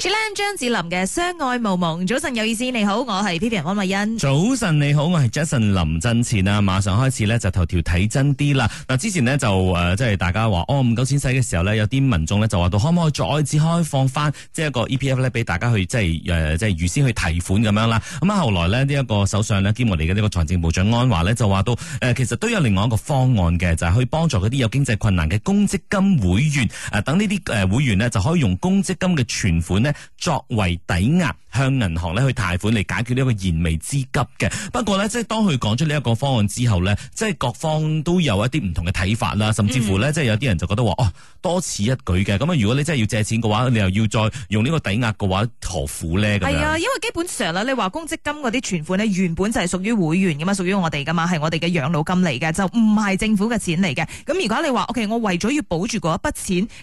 陳展、張智霖嘅《相愛無夢》，早晨有意思，你好，我係 P P R 安慧欣。早晨你好，我係 Jason 林振前啊！馬上開始咧，就頭條睇真啲啦。嗱，之前呢、呃，就誒，即係大家話哦，唔夠錢使嘅時候呢，有啲民眾呢，就話到可唔可以再次開放翻，即係一個 E P F 咧，俾大家去即係誒，即係預、呃、先去提款咁樣啦。咁啊，後來咧呢一個首相呢，兼我哋嘅呢個財政部長安華呢，就話到誒，其實都有另外一個方案嘅，就係、是、以幫助嗰啲有經濟困難嘅公積金會員誒、呃，等呢啲誒會員咧就可以用公積金嘅存款。作為抵押。向銀行咧去貸款嚟解決呢一個燃眉之急嘅。不過咧，即係當佢講出呢一個方案之後咧，即係各方都有一啲唔同嘅睇法啦。甚至乎咧，嗯、即係有啲人就覺得話：哦，多此一舉嘅。咁啊，如果你真係要借錢嘅話，你又要再用呢個抵押嘅話，何苦咧？係啊，因為基本上你話公積金嗰啲存款咧，原本就係屬於會員噶嘛，屬於我哋噶嘛，係我哋嘅養老金嚟嘅，就唔係政府嘅錢嚟嘅。咁如果你話：O K，我為咗要保住嗰一筆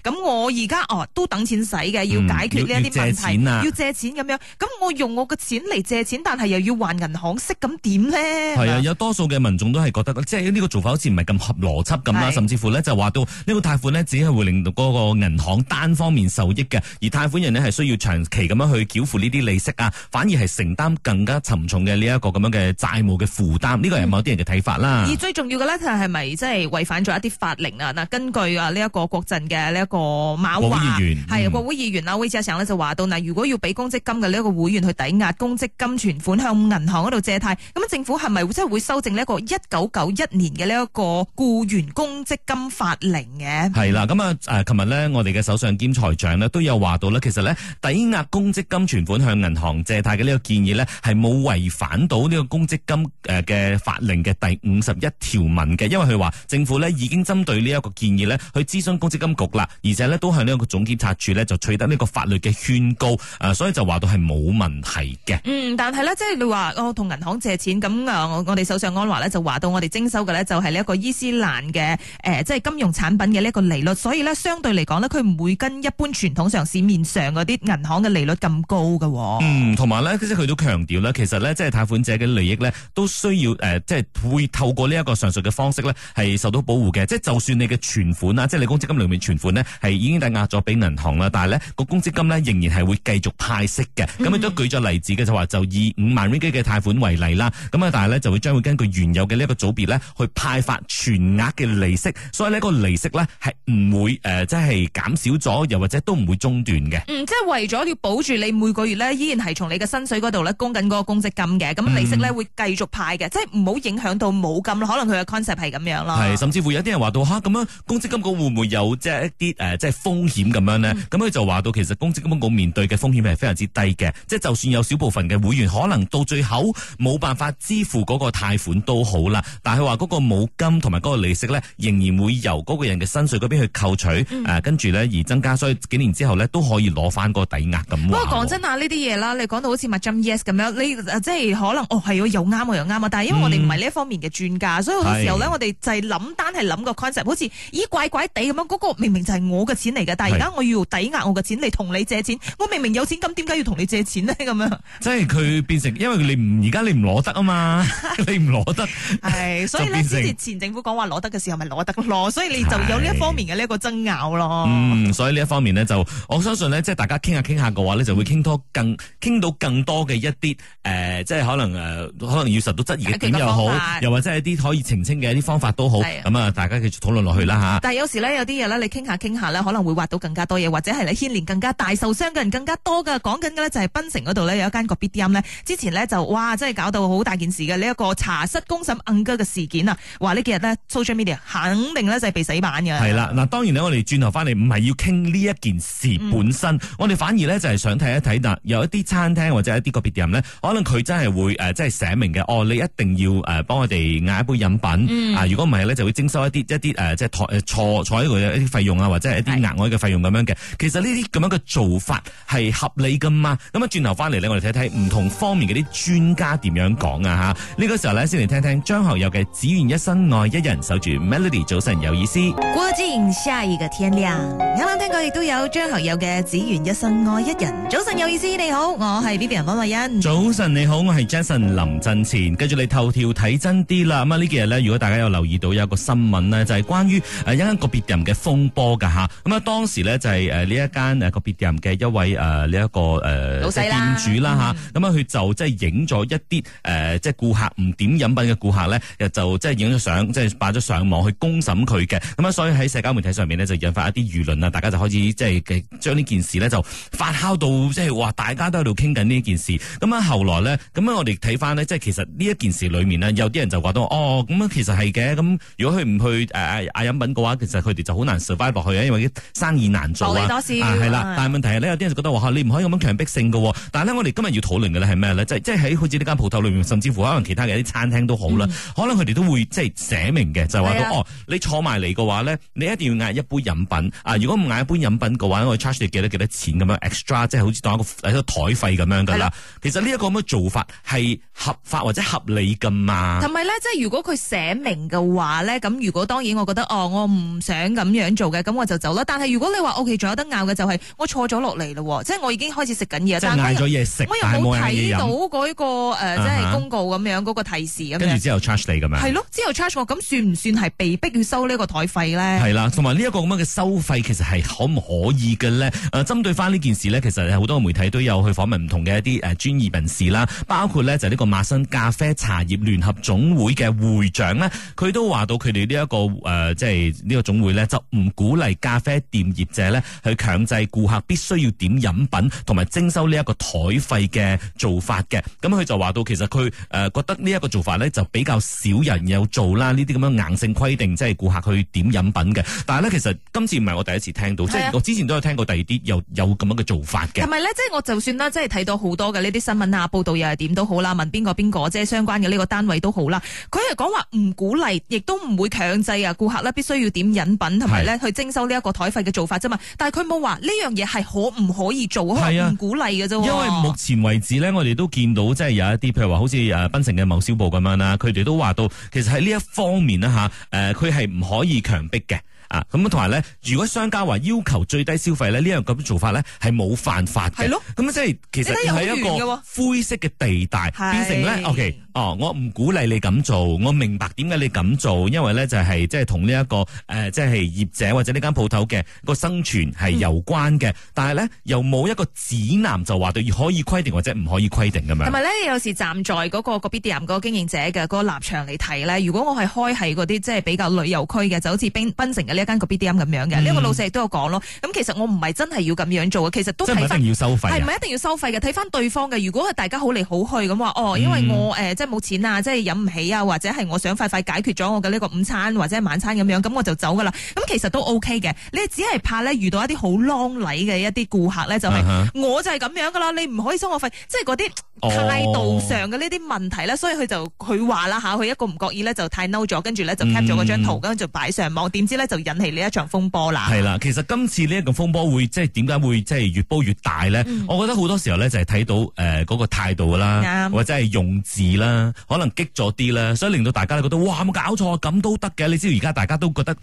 錢，咁我而家哦都等錢使嘅，要解決呢一啲問題、嗯要，要借錢咁、啊、樣咁我用我嘅錢嚟借錢，但係又要還銀行息，咁點咧？係啊，有多數嘅民眾都係覺得，即係呢個做法好似唔係咁合邏輯咁啦，是甚至乎咧就話到呢個貸款咧只係會令到嗰個銀行單方面受益嘅，而貸款人呢，係需要長期咁樣去繳付呢啲利息啊，反而係承擔更加沉重嘅呢一個咁樣嘅債務嘅負擔，呢、這個係某啲人嘅睇法啦、嗯。而最重要嘅咧，就係咪即係違反咗一啲法令啊？嗱，根據啊呢一個國陣嘅呢一個馬華係國會議員阿 Wee Ka Siong 咧就話到嗱，如果要俾公積金嘅呢？個會員去抵押公積金存款向銀行嗰度借貸，咁政府係咪會真係會修正呢一個一九九一年嘅呢一個僱員公積金法令嘅？係啦，咁啊誒，琴日呢，我哋嘅首相兼財長呢都有話到呢，其實呢，抵押公積金存款向銀行借貸嘅呢個建議呢，係冇違反到呢個公積金誒嘅法令嘅第五十一條文嘅，因為佢話政府呢已經針對呢一個建議呢，去諮詢公積金局啦，而且呢，都向呢一個總檢察署呢就取得呢個法律嘅勸告，誒，所以就話到係冇。冇問題嘅。嗯，但係咧，即係你話我同銀行借錢咁啊，我我哋首相安華咧就話到我哋徵收嘅咧就係呢一個伊斯蘭嘅誒，即係金融產品嘅呢一個利率，所以咧相對嚟講呢，佢唔會跟一般傳統上市面上嗰啲銀行嘅利率咁高嘅喎。嗯，同埋呢，佢都強調呢，其實呢，即係貸款者嘅利益呢，都需要誒，即係會透過呢一個上述嘅方式呢，係受到保護嘅。即係就算你嘅存款啊，即係你公積金裏面存款呢，係已經抵押咗俾銀行啦，但係呢個公積金呢，仍然係會繼續派息嘅。咁佢都舉咗例子嘅，就話就以五萬 ringgit 嘅貸款為例啦。咁啊，但係咧就會將會根據原有嘅呢一個組別咧去派發全額嘅利息，所以呢個利息咧係唔會誒即係減少咗，又或者都唔會中斷嘅、嗯。即係為咗要保住你每個月咧，依然係從你嘅薪水嗰度咧供緊嗰個公積金嘅，咁利息咧會繼續派嘅，嗯、即係唔好影響到冇，咁可能佢嘅 concept 係咁樣咯。係，甚至乎有啲人話到吓，咁、啊、樣公積金局會唔會有、呃、即係一啲誒即係風險咁樣咧？咁佢、嗯、就話到其實公積金局面對嘅風險係非常之低嘅。即係就算有少部分嘅會員可能到最後冇辦法支付嗰個貸款都好啦，但係佢話嗰個冇金同埋嗰個利息咧，仍然會由嗰個人嘅薪水嗰邊去扣取，誒、嗯，跟住咧而增加，所以幾年之後咧都可以攞翻個抵押咁。不過講真啊，呢啲嘢啦，你講到好似孖展 Yes 咁樣，你即係可能哦係喎，又啱我又啱啊，但係因為我哋唔係呢一方面嘅專家，嗯、所以好多時候咧，的我哋就係諗單係諗個 concept，好似咦怪怪地咁樣，嗰、嗰個明明就係我嘅錢嚟嘅，但係而家我要抵押我嘅錢嚟同你,你借錢，的我明明有錢，咁點解要同你借錢？錢呢，咁樣，即係佢變成，因為你唔而家你唔攞得啊嘛， 你唔攞得，係 所以呢，之前政府講話攞得嘅時候，咪攞得咯，所以你就有呢一方面嘅呢一個爭拗咯。嗯，所以呢一方面呢，就我相信呢，即係大家傾下傾下嘅話呢，就會傾多更傾到更多嘅一啲誒、呃，即係可能誒、呃，可能要受到質疑嘅點又好，又或者係啲可以澄清嘅一啲方法都好，咁啊的，大家繼續討論落去啦嚇。但係有時呢，有啲嘢呢，你傾下傾下呢，可能會挖到更加多嘢，或者係你牽連更加大受傷嘅人更加多噶。講緊嘅呢，就係。檳城嗰度咧，有一間個別店咧，之前咧就哇真係搞到好大件事嘅呢一個茶室公審暗居嘅事件啊，話呢幾日呢 social media 肯定咧就係被洗版嘅。係啦，嗱當然咧，我哋轉頭翻嚟唔係要傾呢一件事本身，嗯、我哋反而咧就係想睇一睇，嗱有一啲餐廳或者一啲個別店咧，可能佢真係會誒即係寫明嘅，哦你一定要誒幫我哋嗌一杯飲品、嗯、啊，如果唔係咧就會徵收一啲一啲誒即係坐坐喺度一啲費用啊，或者係一啲額外嘅費用咁樣嘅。的其實呢啲咁樣嘅做法係合理噶嘛咁。轉頭翻嚟咧，我哋睇睇唔同方面嘅啲專家點樣講啊！吓，呢個時候咧先嚟聽聽張學友嘅《只願一生愛一人》，守住 Melody 早晨有意思。過盡千個天亮，啱啱聽過亦都有張學友嘅《只願一生愛一人》。早晨有意思，你好，我係 B B 人溫慧欣。范范早晨你好，我係 Jason 林振前。跟住你頭條睇真啲啦。咁啊呢幾日咧，如果大家有留意到有一個新聞呢就係、是、關於誒、呃、一間個別店嘅風波噶吓。咁、呃、啊當時呢就係誒呢一間誒個別店嘅一位誒呢一個誒。呃店主啦吓，咁、嗯、啊佢就即係影咗一啲誒即係顧客唔點飲品嘅顧客咧，就即係影咗相，即係擺咗上網去公審佢嘅。咁啊，所以喺社交媒體上面咧，就引發一啲輿論啦，大家就開始即係嘅將呢件事咧就發酵到即係話，大家都喺度傾緊呢件事。咁啊，後來咧，咁啊，我哋睇翻咧，即係其實呢一件事裏面咧，有啲人就話到哦，咁啊，其實係嘅。咁如果佢唔去誒嗌、呃、飲品嘅話，其實佢哋就好難 survive 落去啊，因為生意難做啊，係啦、啊。的但係問題係咧，有啲人就覺得話、呃、你唔可以咁樣強迫性。但係咧，我哋今日要討論嘅咧係咩咧？即係即係喺好似呢間鋪頭裏面，甚至乎、嗯、可能其他嘅一啲餐廳都好啦，可能佢哋都會即係寫明嘅，就話到、啊、哦，你坐埋嚟嘅話咧，你一定要嗌一杯飲品啊！如果唔嗌一杯飲品嘅話，我 charge 你幾多幾多錢咁樣 extra，即係好似當一個一個台費咁樣噶啦。啊、其實呢一個咁嘅做法係合法或者合理噶嘛？同埋咧，即係如果佢寫明嘅話咧，咁如果當然我覺得哦，我唔想咁樣做嘅，咁我就走啦。但係如果你話我其實仲有得拗嘅，就係我坐咗落嚟咯，即係我已經開始食緊嘢。嗌咗嘢食，但我又冇睇到嗰、嗰個即係、呃、公告咁樣嗰、呃、個提示咁，跟住之後 charge 你㗎嘛？係咯，之後 charge 我，咁算唔算係被逼要收個呢個台費咧？係啦，同埋呢一個咁樣嘅收費其實係可唔可以嘅咧？誒，針對翻呢件事呢，其實好多媒體都有去訪問唔同嘅一啲誒專業人士啦，包括呢就呢個馬新咖啡茶葉聯合總會嘅會長呢，佢都話到佢哋呢一個誒，即係呢個總會呢，就唔鼓勵咖啡店業者呢去強制顧客必須要點飲品同埋徵收呢。一個枱費嘅做法嘅，咁佢就話到其實佢誒覺得呢一個做法咧就比較少人有做啦，呢啲咁樣硬性規定即係顧客去點飲品嘅。但係咧其實今次唔係我第一次聽到，啊、即係我之前都有聽過第二啲有有咁樣嘅做法嘅。係咪咧？即係我就算啦，即係睇到好多嘅呢啲新聞啊報道又係點都好啦，問邊個邊個即係相關嘅呢個單位都好啦，佢係講話唔鼓勵，亦都唔會強制啊顧客咧必須要點飲品同埋咧去徵收呢一個枱費嘅做法啫嘛。但係佢冇話呢樣嘢係可唔可以做啊？唔鼓勵嘅。因為目前為止咧，我哋都見到即係有一啲譬如話，好似誒，檳城嘅某銷部咁樣啦，佢哋都話到，其實喺呢一方面咧吓，誒、呃，佢係唔可以強迫嘅。啊，咁同埋咧，如果商家話要求最低消費咧，呢樣咁做法咧係冇犯法嘅，咁即係其實係一個灰色嘅地帶，變成咧的，OK，哦，我唔鼓勵你咁做，我明白點解你咁做，因為咧就係即係同呢一個誒，即、呃、係、即係、業者或者呢間鋪頭嘅個生存係有關嘅，嗯、但係咧又冇一個指南就話對可以規定或者唔可以規定咁樣。同埋咧，有時站在嗰個個 business 嗰個經營者嘅嗰個立場嚟睇咧，如果我係開係嗰啲即係比較旅遊區嘅，就好似檳城呢一間個 B D M 咁樣嘅，呢、嗯、個老細亦都有講咯。咁其實我唔係真係要咁樣做嘅，其實都睇翻，係唔係一定要收費嘅？睇翻對方嘅。如果係大家好嚟好去咁話，哦，因為我誒即係冇錢啊，即係飲唔起啊，或者係我想快快解決咗我嘅呢個午餐或者晚餐咁樣，咁我就走㗎啦。咁其實都 O K 嘅。你只係怕咧遇到一啲好 long 禮嘅一啲顧客咧，就係、是啊、哈我就係咁樣㗎啦。你唔可以收我費，即係嗰啲態度上嘅呢啲問題咧。哦、所以佢就佢話啦嚇，佢一個唔覺意咧就太嬲咗，跟住咧就 cap 咗嗰張圖，跟住、嗯、就擺上網。點知咧就。引起呢一場風波啦，係啦，其實今次呢一個風波會即係點解會即係越煲越大咧？嗯、我覺得好多時候咧就係睇到誒嗰、呃嗰個態度啦，嗯、或者係用字啦，可能激咗啲啦，所以令到大家覺覺得哇冇搞錯，咁都得嘅。你知道，而家大家都覺得，誒，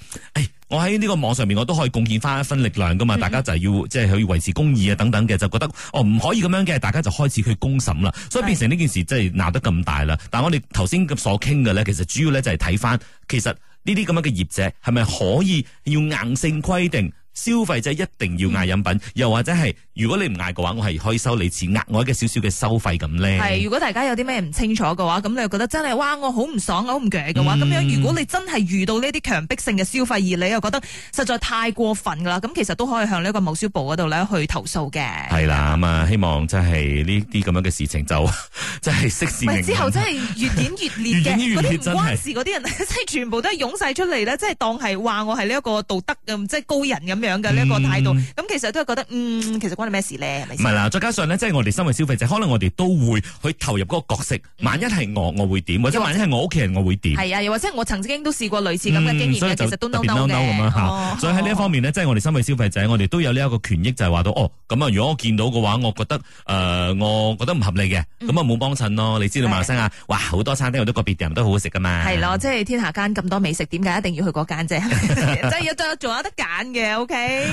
我喺呢個網上面，我都可以貢獻翻一分力量噶嘛，嗯、大家就要即係去維持公義啊等等嘅，就覺得哦唔可以咁樣嘅，大家就開始去公審啦，所以變成呢件事即係鬧得咁大啦。但我哋頭先所傾嘅咧，其實主要咧就係睇翻其實呢啲咁樣嘅業者係咪可以要硬性規定？消費者一定要嗌飲品，嗯、又或者係如果你唔嗌嘅話，我係可以收你次額外嘅少少嘅收費咁咧。係如果大家有啲咩唔清楚嘅話，咁你又覺得真係哇我好唔爽好唔鋸嘅話，咁樣、嗯、如果你真係遇到呢啲強迫性嘅消費，而你又覺得實在太過分噶啦，咁其實都可以向呢個某消部嗰度呢去投訴嘅。係啦，咁、嗯、啊希望真係呢啲咁樣嘅事情就、嗯、真係適時。之後真係越演越烈嘅，嗰啲唔關事嗰啲人真係的 全部都係湧晒出嚟呢。真係當係話我係呢一個道德即係、就是、高人咁。咁樣嘅呢一個態度，咁其實都係覺得，嗯，其實關你咩事咧，係咪先？唔係啦，再加上呢，即係我哋身為消費者，可能我哋都會去投入嗰個角色。萬一係我，我會點，或者萬一係我屋企人，我會點。係啊，又或者我曾經都試過類似咁嘅經驗，其實都嬲，咁樣，所以喺呢一方面呢，即係我哋身為消費者，我哋都有呢一個權益，就係話到，哦，咁啊，如果我見到嘅話，我覺得，誒，我覺得唔合理嘅，咁啊冇幫襯咯。你知道馬生啊，哇，好多餐廳有啲個別店都好好食噶嘛。係咯，即係天下間咁多美食，點解一定要去嗰間啫？即係有得仲有得揀嘅。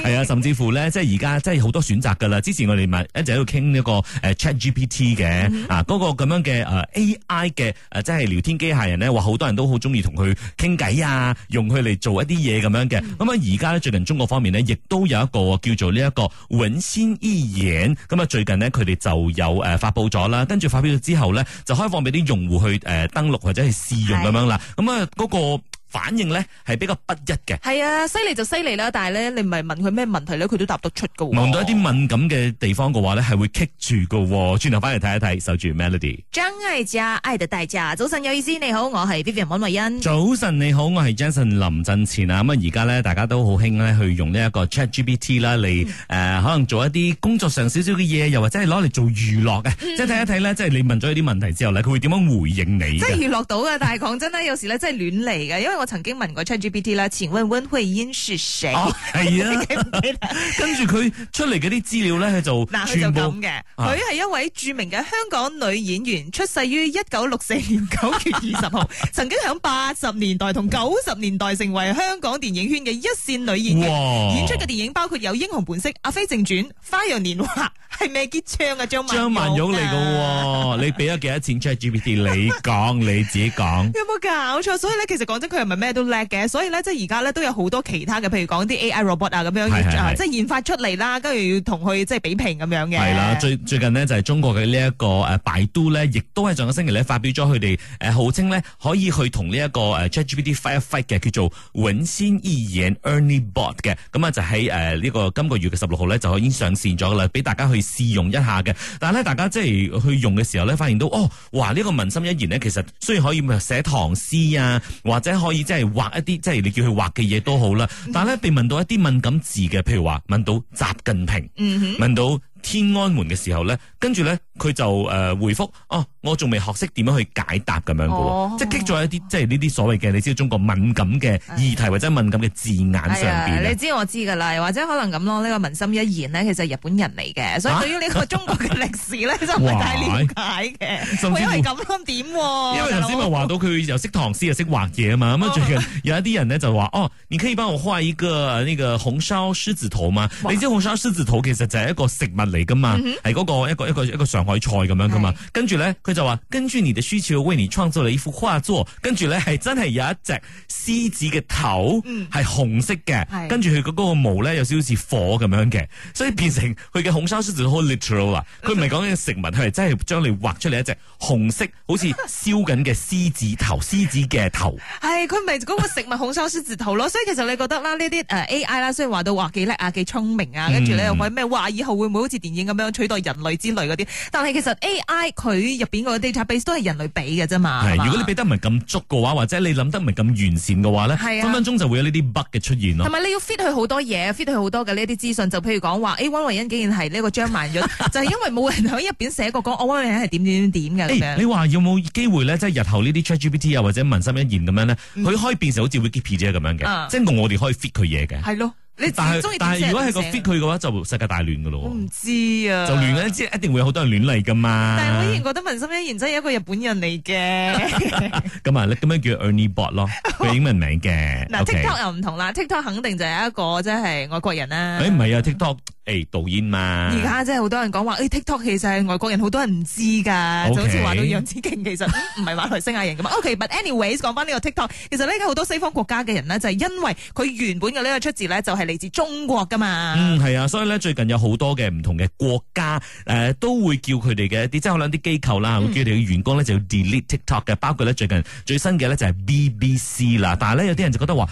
係啊，甚至乎咧，即係而家，真係好多選擇噶啦。之前我哋咪一直喺度傾呢個誒 Chat GPT 嘅、嗯、啊、嗰、那個咁樣嘅誒 AI 嘅誒，即係聊天機械人咧，話好多人都好中意同佢傾偈啊，嗯、用佢嚟做一啲嘢咁樣嘅。咁、嗯、啊，而家咧最近中國方面呢，亦都有一個叫做呢、這、一個文心一言」。咁啊，最近呢，佢哋就有誒發佈咗啦，跟住發表咗之後呢，就開放俾啲用戶去誒登錄或者係試用咁樣啦。咁、嗯、啊，嗰、那個。反應咧係比較不一嘅。係啊，犀利就犀利啦，但係咧你唔係問佢咩問題咧，佢都答得出噶。問到一啲敏感嘅地方嘅話咧，係會棘住噶。轉頭翻嚟睇一睇，守住 Melody。張艾嘉愛的代價，早晨有意思，你好，我係 Vivian 文慧欣。早晨你好，我係 Jason 林振前啊。咁啊，而家咧大家都好興咧去用呢一個 Chat GPT 啦，嚟誒、嗯呃、可能做一啲工作上少少嘅嘢，又或者係攞嚟做娛樂嘅。即係睇一睇咧，即係你問咗呢啲問題之後咧，佢會點樣回應你？即係娛樂到噶，但係講真咧，有時咧真係亂嚟嘅，因為。我曾經問過 ChatGPT 啦，請問温慧英是誰啊？跟住佢出嚟嗰啲資料咧，佢就全部嘅。佢係 一位著名嘅香港女演員，啊、出世於一九六四年九月二十號。 曾經喺八十年代同九十年代成為香港電影圈嘅一線女演員。哇演出嘅電影包括有《英雄本色》《阿飛正傳》《花樣年華》係咪結唱啊？張曼張曼玉嚟嘅喎，你俾咗幾多錢 ChatGPT？你講你自己講 有冇搞錯？所以咧，其實講真，佢係～咪咩都叻嘅，所以咧即係而家咧都有好多其他嘅，譬如講啲 AI robot 啊咁樣，即係研發出嚟啦，跟住要同佢即係比拼咁樣嘅。係啦，最最近咧就係中國嘅呢一個誒，百度咧，亦都係上個星期咧發表咗佢哋誒，號稱咧可以去同呢一個誒 ChatGPT fight fight 嘅，叫做文心一言 Ernie Bot 嘅。咁啊、er、就喺誒呢個今個月嘅十六號咧就已經上線咗啦，俾大家去試用一下嘅。但係咧大家即係去用嘅時候咧，發現到哦，哇呢、這個文心一言咧其實雖然可以寫唐詩啊，或者可以。即係畫一啲，即係你叫佢畫嘅嘢都好啦。但係咧，被問到一啲敏感字嘅，譬如話問到習近平，嗯哼，問到。天安門嘅時候咧，跟住咧佢就誒、呃、回覆，哦、啊，我仲未學識點樣去解答咁樣嘅喎，哦，即係擊咗一啲即係呢啲所謂嘅，你知道中國敏感嘅議題，哎、呀或者敏感嘅字眼上邊，哎、你知我知㗎啦，或者可能咁咯，呢、這個文心一言呢，其實係日本人嚟嘅，所以對於呢個中國嘅歷史咧，真係唔太瞭解嘅。哇甚至係咁喎。點因為頭先咪話到佢又識唐詩又識，嗯、畫嘢啊嘛，咁啊、哦、最近有一啲人咧就話，哦，你可以幫我畫一個呢、這個紅燒獅子頭嘛。」你知紅燒獅子頭哇其實就係一個食物。嚟噶嘛，係嗰、嗯哼那個一個一個一個上海菜咁樣噶嘛。是跟住咧，佢就話根據你的需求為你創造你一幅畫作。跟住咧係真係有一隻獅子嘅頭，係紅色嘅。嗯、跟住佢嗰嗰個毛咧有少少似火咁樣嘅，所以變成佢嘅紅燒獅子好 literal 啊。佢唔係講緊食物，係真係將你畫出嚟一隻紅色好似燒緊嘅獅子頭， 獅子嘅頭。係佢咪嗰個食物紅燒獅子頭咯？ 所以其實你覺得啦，呢啲誒 AI 啦，雖然話到話幾叻啊，幾聰明啊，跟住、啊嗯、你又話咩話以後會唔會好似？電影咁樣取代人類之類嗰啲，但係其實 AI 佢入邊個 database 都係人類俾嘅啫嘛。如果你俾得唔係咁足嘅話，或者你諗得唔係咁完善嘅話咧，啊、分分鐘就會有呢啲 bug 嘅出現。同埋你要 fit 佢好多嘢，fit 佢好多嘅呢啲資訊，就譬如講話，誒、欸，溫慧欣竟然係呢個張曼玉，就係因為冇人喺入邊寫過講溫慧欣係點點點點嘅。欸、你話有冇機會咧，即係日後呢啲 ChatGPT 啊或者文心一言咁樣咧，佢、嗯、可以變成好似 Wikipedia 咁樣嘅，啊、即係我哋可以 fit 佢嘢嘅。係咯。你但係，喜歡但係如果係個 fit 佢嘅話，就世界大亂㗎咯喎！我唔知啊，就亂啊！即係一定會有好多人亂嚟噶嘛。但係我依然覺得文心一言真係一個日本人嚟嘅。咁啊，你咁樣叫 Ernie Bot 咯，佢英文名嘅。嗱 Okay，TikTok 又唔同啦，TikTok 肯定就係一個即係、即係、外國人啦、啊。誒唔係啊，TikTok。哎、導演嘛，而家真係好多人講話，TikTok 其實外國人好多人唔知噶，Okay 就好似話到楊紫瓊其實唔係馬來西亞人噶 OK but anyways，講翻呢個 TikTok，其實呢家好多西方國家嘅人呢，就係、是、因為佢原本嘅呢個出自呢，就係嚟自中國噶嘛。嗯，係啊，所以呢，最近有好多嘅唔同嘅國家誒、呃，都會叫佢哋嘅即係可能啲機構啦，會叫佢哋嘅員工呢，就要 delete TikTok 嘅，嗯、包括呢，最近最新嘅呢，就係 BBC 啦。但係呢，有啲人就覺得話，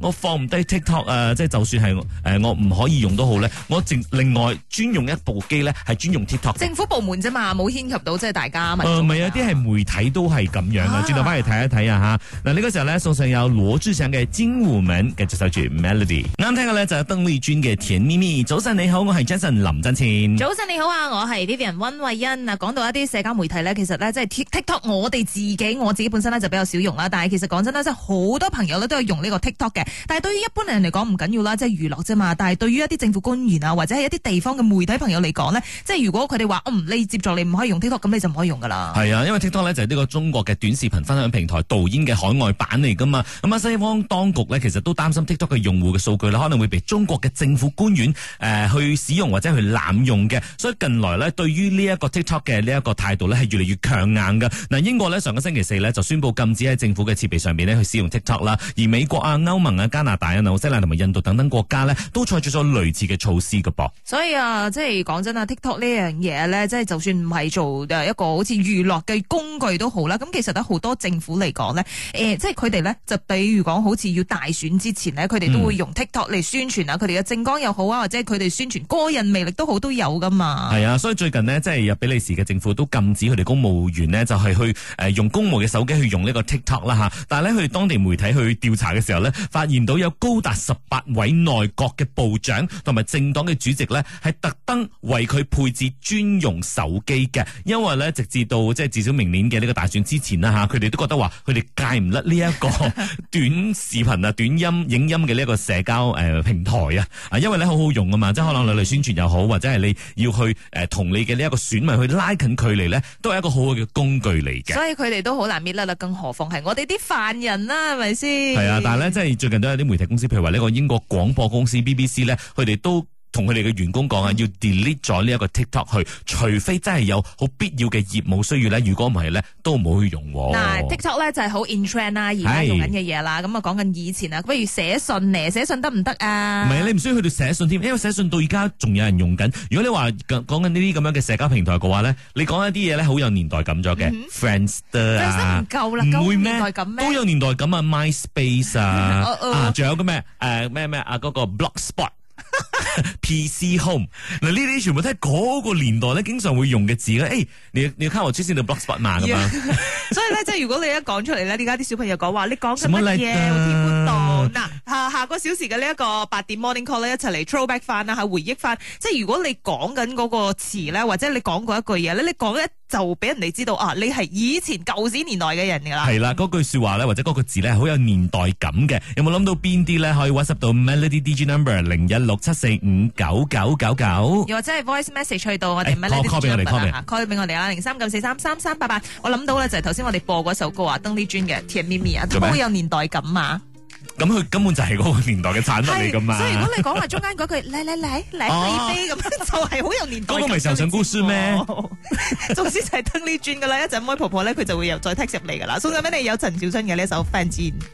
我放唔低 TikTok 誒、呃，即係就算係誒、呃、我唔可以用都好呢。」我另外專用一部機咧，係專用 TikTok。政府部門啫嘛，冇牽及到即係大家民眾唔係、呃、有啲係媒體都係咁樣嘅，轉頭翻嚟睇一睇啊嚇。嗱呢、這個時候咧，送上有羅志祥嘅《精武門》剛剛，繼續收住 melody。啱聽嘅咧就係鄧麗君嘅《甜蜜蜜》。早晨你好，我係 Jason 林振前。早晨你好啊，我係 Lillian 溫慧欣啊。講到一啲社交媒體咧，其實咧即係、就是、TikTok，我哋自己我自己本身咧就比較少用啦。但係其實講真啦，即係好多朋友咧都有用呢個 TikTok 嘅。但係對於一般人嚟講唔緊要啦，即係娛樂啫嘛。但係對於一啲政府官員啊或者即係一啲地方嘅媒體朋友嚟講呢，即係如果佢哋話我唔理接觸你唔可以用 TikTok，咁你就唔可以用噶啦。係啊，因為 TikTok 呢就係呢個中國嘅短視頻分享平台導演嘅海外版嚟噶嘛。咁啊，西方當局呢，其實都擔心 TikTok 嘅用戶嘅數據呢可能會被中國嘅政府官員誒去使用或者去濫用嘅。所以近來呢，對於呢一個 TikTok 嘅呢一個態度呢，係越嚟越強硬㗎。嗱，英國呢，上個星期四呢，就宣布禁止喺政府嘅設備上面呢去使用 TikTok 啦。而美國啊、歐盟啊、加拿大啊、紐西蘭同埋印度等等國家呢，都採取咗類似嘅措施。所以啊，即係講真啊，TikTok 呢樣嘢咧，即係就算唔係做一個好似娛樂嘅工具都好啦。咁其實喺好多政府嚟講咧，誒、呃，即係佢哋咧就比如講，好似要大選之前呢，佢哋都會用 TikTok 嚟宣傳啊，佢哋嘅政綱又好啊，或者佢哋宣傳個人魅力都好，都有噶嘛。係啊，所以最近呢，即係比利時嘅政府都禁止佢哋公務員呢，就係、是、去誒、呃、用公務嘅手機去用呢個 TikTok 啦吓。但係咧，佢哋當地媒體去調查嘅時候咧，發現到有高達十八位內閣嘅部長同埋政黨嘅。主席咧係特登為佢配置專用手機嘅，因為咧直至到即係至少明年嘅呢個大選之前啦吓，佢哋都覺得話佢哋戒唔甩呢一個短視頻啊、 短音影音嘅呢一個社交誒平台啊，啊，因為咧好好用啊嘛，即係可能你嚟宣傳又好，或者係你要去誒同、呃、你嘅呢一個選民去拉近距離咧，都係一個好好嘅工具嚟嘅。所以佢哋都好難搣甩啦，更何況係我哋啲凡人啦、啊，係咪先？係啊，但係咧即係最近都有啲媒體公司，譬如話呢個英國廣播公司 BBC 咧，佢哋都。同佢哋嘅員工講啊，要 delete 咗呢一個 TikTok 去，除非真係有好必要嘅業務需要咧，如果唔係咧，都唔好去用、啊。嗱，TikTok 咧就係、是、好 in trend、啊、啦，而家用緊嘅嘢啦。咁啊、嗯，講緊以前啊，不如寫信咧、啊，寫信得唔得啊？唔係，你唔需要去到寫信添，因為寫信到而家仲有人用緊。嗯、如果你話講緊呢啲咁樣嘅社交平台嘅話咧，你講一啲嘢咧，好有年代感咗嘅。嗯、哼 Friends 啊，唔夠啦，唔會咩？都有年代感啊 ，MySpace 啊，嗯哦哦啊呃，啊，仲、那、有個咩？誒咩咩啊？嗰個 Blogspot。 PC home 嗱呢啲全部都係嗰個年代咧經常會用嘅字啦，誒、欸，你你卡我出先到 block 字嘛咁樣，Yeah. 所以咧即係如果你一講出嚟咧，而家啲小朋友講話，你講緊乜嘢？嗱下下個小時嘅呢一個八點 morning call 咧，一齊嚟 throwback 翻啦，嚇回憶翻。即係如果你講緊嗰個詞咧，或者你講過一句嘢咧，你講咧就俾人哋知道啊，你係以前舊時年代嘅人㗎啦。係啦，嗰句說話咧，或者嗰個字咧，好有年代感嘅。有冇諗到邊啲咧？可以 WhatsApp 到 melody DJ number 零一六七四五九九九九，又或者係 voice message 去到我哋。哎 call call 俾我哋啦，call 俾我哋啦，零三九四三三三八八。我諗到咧就係頭先我哋播嗰首歌啊，鄧麗君嘅甜蜜蜜啊，好有年代感啊！咁佢根本就係嗰個年代嘅產物嚟噶嘛，所以如果你講話中間嗰句嚟嚟嚟嚟飛飛咁，就係、是、好有年代感。嗰個咪上上故事》咩？ 總之就係《t 呢轉㗎噶啦，一陣妹婆婆咧，佢就會又再 take 入嚟噶啦。送上俾你有陳小春嘅呢一首《Fantasy》。